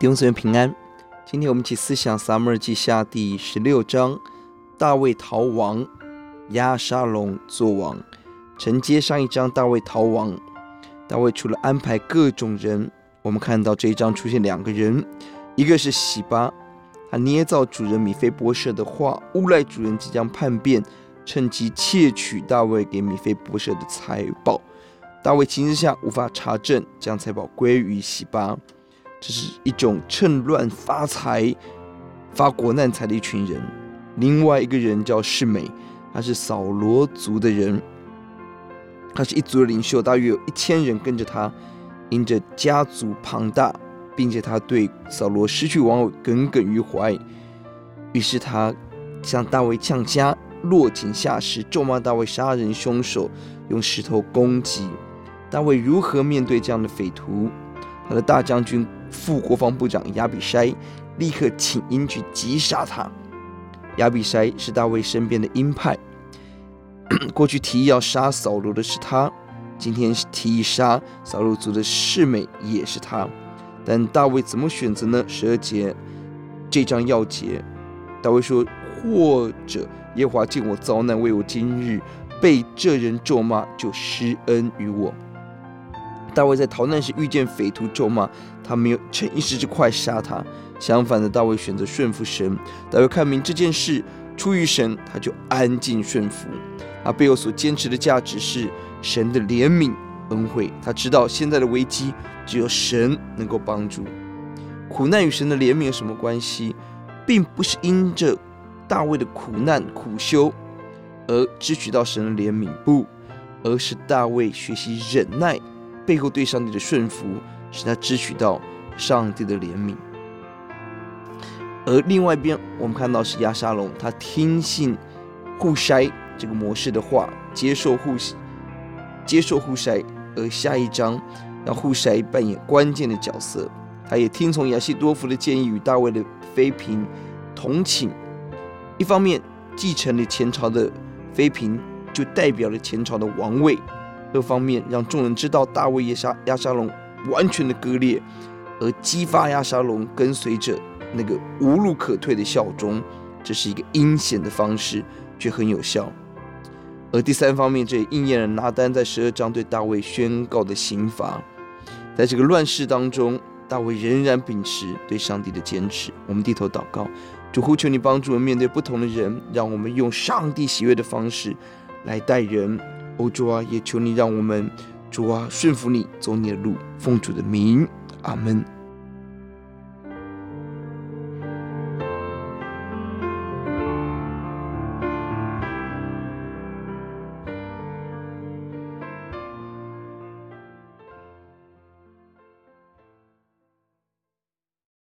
弟兄姊妹平安，今天我們一起思想《撒母耳記下》第十六章，大衛逃亡，押沙龍作王，承接上一章大衛逃亡。大衛除了安排各種人，我們看到這一章出現兩個人，一個是洗巴，他捏造主人米非波設的話，誣賴主人即將叛變，趁機竊取大衛給米非波設的財寶。大衛情急之下無法查證，將財寶歸於洗巴。這是一種趁亂發財、發國難財的一群人。另外一個人叫示每，他是掃羅族的人，他是一族的領袖，大約有一千人跟着他。因着家族龐大，並且他對掃羅失去王位耿耿於懷，於是他向大衛搶家、落井下石、咒罵大衛殺人凶手，用石頭攻擊。大衛如何面對這樣的匪徒？他的大將軍、副國防部長亞比篩立刻請纓去擊殺他。亞比篩是大衛身邊的鷹派， 過去提議要殺掃羅的是他，今天提議殺掃羅族的示每也是他。但大衛怎麼選擇呢？十二節，這章鑰節。大衛說：“或者耶和華見我遭難，為我今日被這人咒罵，就施恩於我。”大衛在逃難時遇見匪徒咒罵他，沒有逞一時之快殺他。相反的，大衛選擇順服神。大衛看明這件事出於神，他就安靜順服。他背後所堅持的價值是神的憐憫恩惠。他知道現在的危機只有神能夠幫助。苦難與神的憐憫有什麼關係？並不是因着大衛的苦難苦修而支取到神的憐憫，不，而是大衛學習忍耐。背後對上帝的順服，使他支取到上帝的憐憫。而另外一邊，我們看到是押沙龍，他聽信戶篩這個模式的話，接受戶接受戶篩。而下一章，讓戶篩扮演關鍵的角色，他也聽從亞希多弗的建議，與大衛的妃嬪同寢。一方面，繼承了前朝的妃嬪，就代表了前朝的王位。二方面讓眾人知道大衛與押沙龍完全的割裂，而激發押沙龍跟隨着那個無路可退的效忠，這是一個陰險的方式，卻很有效。而第三方面，這也應驗了拿單在十二章對大衛宣告的刑罰。在這個亂世當中，大衛仍然秉持對上帝的堅持。我們低頭禱告，主呼求你幫助我們面對不同的人，讓我們用上帝喜悅的方式來待人。哦、主啊，也求你讓我們主啊順服你，走你的路，奉主的名，阿門。